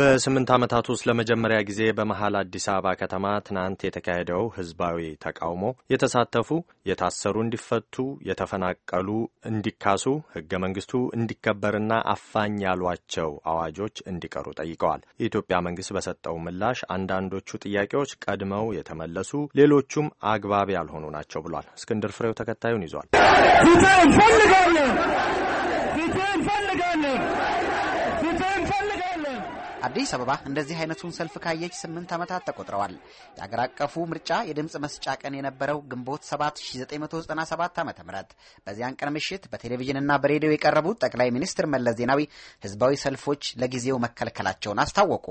በስምንት ዓመታት ውስጥ ለመጀመሪያ ጊዜ በመሀል አዲስ አበባ ከተማ ትናንት የተካሄደው ህዝባዊ ተቃውሞ የተሳተፉ የታሰሩ እንዲፈቱ፣ የተፈናቀሉ እንዲካሱ፣ ህገ መንግስቱ እንዲከበርና አፋኝ ያሏቸው አዋጆች እንዲቀሩ ጠይቀዋል። የኢትዮጵያ መንግስት በሰጠው ምላሽ አንዳንዶቹ ጥያቄዎች ቀድመው የተመለሱ፣ ሌሎቹም አግባብ ያልሆኑ ናቸው ብሏል። እስክንድር ፍሬው ተከታዩን ይዟል። ፍትህ እንፈልጋለን! ፍትህ እንፈልጋለን! አዲስ አበባ እንደዚህ አይነቱን ሰልፍ ካየች ስምንት ዓመታት ተቆጥረዋል። የአገር አቀፉ ምርጫ የድምፅ መስጫ ቀን የነበረው ግንቦት 7997 1997 ዓ ም በዚያን ቀን ምሽት በቴሌቪዥንና በሬዲዮ የቀረቡት ጠቅላይ ሚኒስትር መለስ ዜናዊ ህዝባዊ ሰልፎች ለጊዜው መከልከላቸውን አስታወቁ።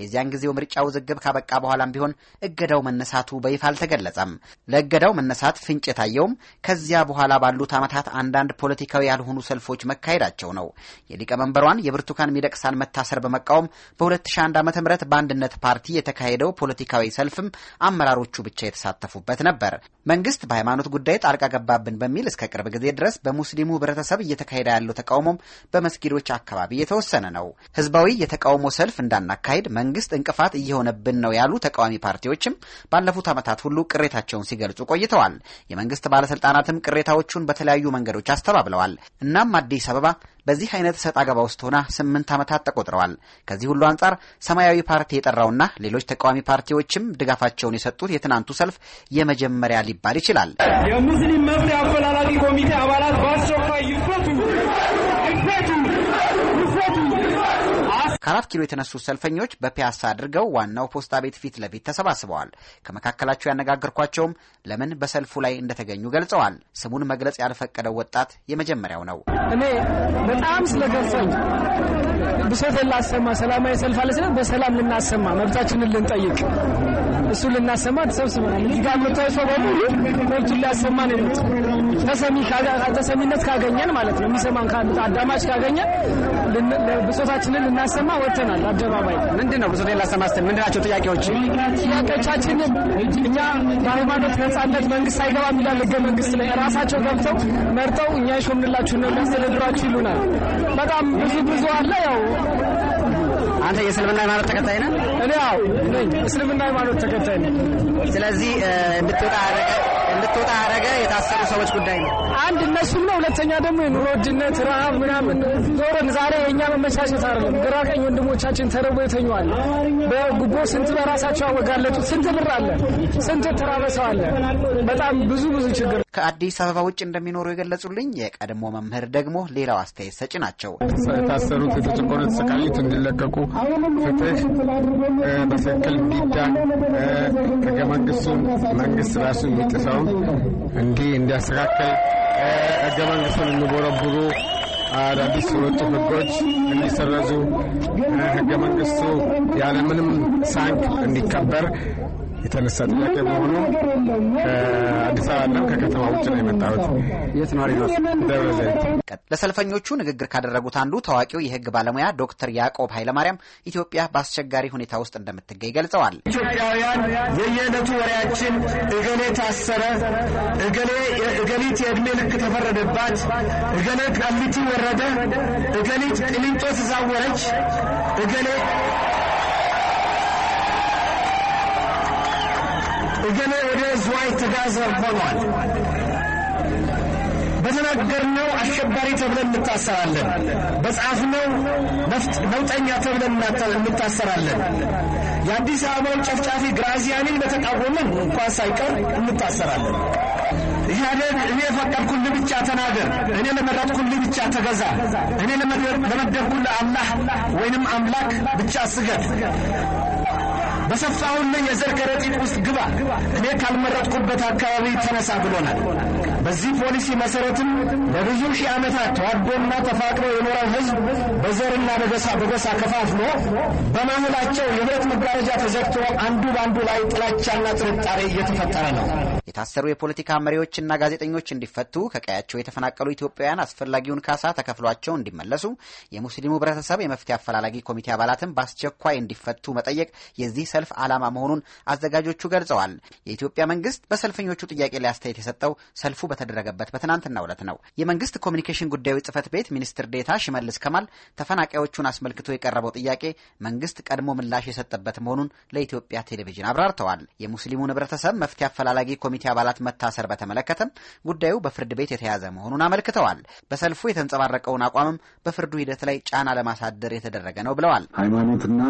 የዚያን ጊዜው ምርጫ ውዝግብ ካበቃ በኋላም ቢሆን እገዳው መነሳቱ በይፋ አልተገለጸም። ለእገዳው መነሳት ፍንጭ የታየውም ከዚያ በኋላ ባሉት ዓመታት አንዳንድ ፖለቲካዊ ያልሆኑ ሰልፎች መካሄዳቸው ነው። የሊቀመንበሯን የብርቱካን ሚደቅሳን መታሰር በመቃወም በ2001 ዓ ም በአንድነት ፓርቲ የተካሄደው ፖለቲካዊ ሰልፍም አመራሮቹ ብቻ የተሳተፉበት ነበር። መንግስት በሃይማኖት ጉዳይ ጣልቃ ገባብን በሚል እስከ ቅርብ ጊዜ ድረስ በሙስሊሙ ህብረተሰብ እየተካሄደ ያለው ተቃውሞም በመስጊዶች አካባቢ የተወሰነ ነው። ህዝባዊ የተቃውሞ ሰልፍ እንዳናካሄድ መንግስት እንቅፋት እየሆነብን ነው ያሉ ተቃዋሚ ፓርቲዎችም ባለፉት ዓመታት ሁሉ ቅሬታቸውን ሲገልጹ ቆይተዋል። የመንግስት ባለስልጣናትም ቅሬታዎቹን በተለያዩ መንገዶች አስተባብለዋል። እናም አዲስ አበባ በዚህ አይነት ሰጥ አገባ ውስጥ ሆና ስምንት ዓመታት ተቆጥረዋል። ከዚህ ሁሉ አንጻር ሰማያዊ ፓርቲ የጠራውና ሌሎች ተቃዋሚ ፓርቲዎችም ድጋፋቸውን የሰጡት የትናንቱ ሰልፍ የመጀመሪያ ሊባል ይችላል። የሙስሊም መፍትሄ አፈላላጊ ኮሚቴ አባላት በአስቸኳ ከአራት ኪሎ የተነሱ ሰልፈኞች በፒያሳ አድርገው ዋናው ፖስታ ቤት ፊት ለፊት ተሰባስበዋል። ከመካከላቸው ያነጋገርኳቸውም ለምን በሰልፉ ላይ እንደተገኙ ገልጸዋል። ስሙን መግለጽ ያልፈቀደው ወጣት የመጀመሪያው ነው። እኔ በጣም ስለገፋኝ ብሶት ላሰማ ሰላማዊ ሰልፍ አለ ስለ በሰላም ልናሰማ መብታችንን ልንጠይቅ እሱ ልናሰማ ተሰብስበናል። እዚህ ጋር ሰው በሙሉ መብቱን ሊያሰማ ነው ተሰሚነት ካገኘን ማለት ነው የሚሰማን አዳማጭ ካገኘን ብሶታችንን ልናሰማ ወጥተናል አደባባይ። ምንድን ነው ብሶቴን ላሰማስ? ስትል ምንድን ናቸው ጥያቄዎች? ጥያቄዎቻችን እኛ በሃይማኖት ነጻነት መንግስት አይገባም ይላል ህገ መንግስት ላይ ራሳቸው ገብተው መርጠው እኛ የሾምንላችሁ ነው የሚያስተዳድሯችሁ ይሉናል። በጣም ብዙ ብዙ አለ ያው አንተ የእስልምና ሃይማኖት ተከታይ ነህ? እኔ ያው እስልምና ሃይማኖት ተከታይ ነኝ። ስለዚህ እንድትወጣ አደረገ እንድትወጣ አረገ የታሰሩ ሰዎች ጉዳይ ነው። አንድ እነሱም ነው። ሁለተኛ ደግሞ የኑሮ ውድነት፣ ረሃብ ምናምን ዞርን። ዛሬ የእኛ መመቻቸት አይደለም። ግራ ቀኝ ወንድሞቻችን ተረቦ የተኘዋል። በጉቦ ስንት በራሳቸው አወጋለጡ። ስንት ብር አለ፣ ስንት ተራበሰው አለ። በጣም ብዙ ብዙ ችግር ከአዲስ አበባ ውጭ እንደሚኖሩ የገለጹልኝ የቀድሞ መምህር ደግሞ ሌላው አስተያየት ሰጪ ናቸው። የታሰሩት የተጨቆኑ፣ የተሰቃዩት እንዲለቀቁ ፍትህ በትክክል እንዲዳን ህገ መንግስቱን መንግስት ራሱ የሚጥሰውን እንዲህ እንዲያስተካከል ህገ መንግስቱን የሚቦረብሩ አዳዲስ የወጡ ህጎች እንዲሰረዙ ህገ መንግስቱ ያለምንም ሳንክ እንዲከበር የተነሳ ጥያቄ መሆኑ አበባ አበባና ከከተማ ውጭ ነው የመጣሁት። የት ነዋሪ ነው? ደብረ ዘይት። ለሰልፈኞቹ ንግግር ካደረጉት አንዱ ታዋቂው የህግ ባለሙያ ዶክተር ያዕቆብ ኃይለማርያም ኢትዮጵያ በአስቸጋሪ ሁኔታ ውስጥ እንደምትገኝ ገልጸዋል። ኢትዮጵያውያን የየዕለቱ ወሬያችን እገሌ ታሰረ፣ እገሊት የእድሜ ልክ ተፈረደባት፣ እገሌ ቃሊቲ ወረደ፣ እገሊት ቅሊንጦ ተዛወረች፣ እገሌ ለህዝባዊ ትጋዘብ ሆኗል። በተናገርነው አሸባሪ ተብለን እንታሰራለን። በጻፍነው ነውጠኛ ተብለን እንታሰራለን። የአዲስ አበባው ጨፍጫፊ ግራዚያኒን በተቃወምን እንኳን ሳይቀር እንታሰራለን። ኢህአዴግ እኔ የፈቀድኩልህ ብቻ ተናገር፣ እኔ ለመረጥኩልህ ብቻ ተገዛ፣ እኔ ለመደብኩልህ አላህ ወይንም አምላክ ብቻ ስገድ በሰፋሁልህ የዘር ከረጢት ውስጥ ግባ፣ እኔ ካልመረጥኩበት አካባቢ ተነሳ ብሎናል። በዚህ ፖሊሲ መሰረትም ለብዙ ሺህ ዓመታት ተዋዶና ተፋቅሮ የኖረው ህዝብ በዘርና በገሳ ከፋፍሎ በማህላቸው የብረት መጋረጃ ተዘግቶ አንዱ በአንዱ ላይ ጥላቻና ጥርጣሬ እየተፈጠረ ነው። የታሰሩ የፖለቲካ መሪዎችና ጋዜጠኞች እንዲፈቱ፣ ከቀያቸው የተፈናቀሉ ኢትዮጵያውያን አስፈላጊውን ካሳ ተከፍሏቸው እንዲመለሱ፣ የሙስሊሙ ህብረተሰብ የመፍትሄ አፈላላጊ ኮሚቴ አባላትም በአስቸኳይ እንዲፈቱ መጠየቅ የዚህ ሰልፍ ዓላማ መሆኑን አዘጋጆቹ ገልጸዋል። የኢትዮጵያ መንግስት በሰልፈኞቹ ጥያቄ ላይ አስተያየት የሰጠው ሰልፉ በተደረገበት በትናንትናው ዕለት ነው። የመንግስት ኮሚኒኬሽን ጉዳዮች ጽህፈት ቤት ሚኒስትር ዴታ ሽመልስ ከማል ተፈናቃዮቹን አስመልክቶ የቀረበው ጥያቄ መንግስት ቀድሞ ምላሽ የሰጠበት መሆኑን ለኢትዮጵያ ቴሌቪዥን አብራርተዋል። የሙስሊሙ ህብረተሰብ መፍትሄ አፈላላጊ ኮሚቴ አባላት መታሰር በተመለከተም ጉዳዩ በፍርድ ቤት የተያዘ መሆኑን አመልክተዋል። በሰልፉ የተንጸባረቀውን አቋምም በፍርዱ ሂደት ላይ ጫና ለማሳደር የተደረገ ነው ብለዋል። ሃይማኖትና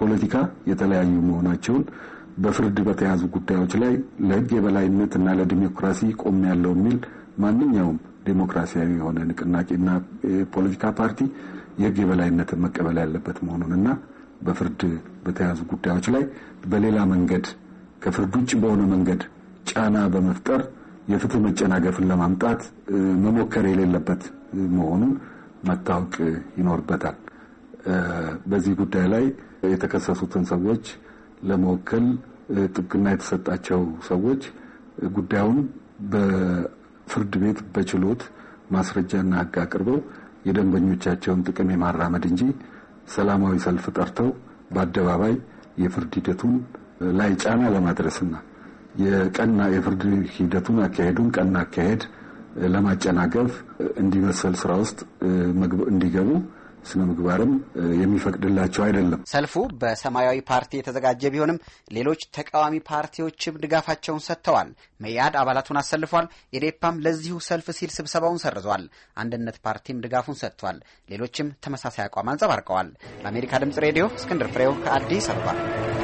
ፖለቲካ የተለያዩ መሆናቸውን በፍርድ በተያዙ ጉዳዮች ላይ ለህግ የበላይነት እና ለዲሞክራሲ ቆም ያለው የሚል ማንኛውም ዴሞክራሲያዊ የሆነ ንቅናቄና የፖለቲካ ፓርቲ የህግ የበላይነትን መቀበል ያለበት መሆኑን እና በፍርድ በተያዙ ጉዳዮች ላይ በሌላ መንገድ ከፍርድ ውጭ በሆነ መንገድ ጫና በመፍጠር የፍትህ መጨናገፍን ለማምጣት መሞከር የሌለበት መሆኑን መታወቅ ይኖርበታል። በዚህ ጉዳይ ላይ የተከሰሱትን ሰዎች ለመወከል ጥብቅና የተሰጣቸው ሰዎች ጉዳዩን በፍርድ ቤት በችሎት ማስረጃና ሕግ አቅርበው የደንበኞቻቸውን ጥቅም የማራመድ እንጂ ሰላማዊ ሰልፍ ጠርተው በአደባባይ የፍርድ ሂደቱን ላይ ጫና ለማድረስና የቀና የፍርድ ሂደቱን አካሄዱን ቀና አካሄድ ለማጨናገፍ እንዲመሰል ስራ ውስጥ እንዲገቡ ስነ ምግባርም የሚፈቅድላቸው አይደለም። ሰልፉ በሰማያዊ ፓርቲ የተዘጋጀ ቢሆንም ሌሎች ተቃዋሚ ፓርቲዎችም ድጋፋቸውን ሰጥተዋል። መያድ አባላቱን አሰልፏል። የዴፓም ለዚሁ ሰልፍ ሲል ስብሰባውን ሰርዟል። አንድነት ፓርቲም ድጋፉን ሰጥቷል። ሌሎችም ተመሳሳይ አቋም አንጸባርቀዋል። ለአሜሪካ ድምጽ ሬዲዮ እስክንድር ፍሬው ከአዲስ አበባ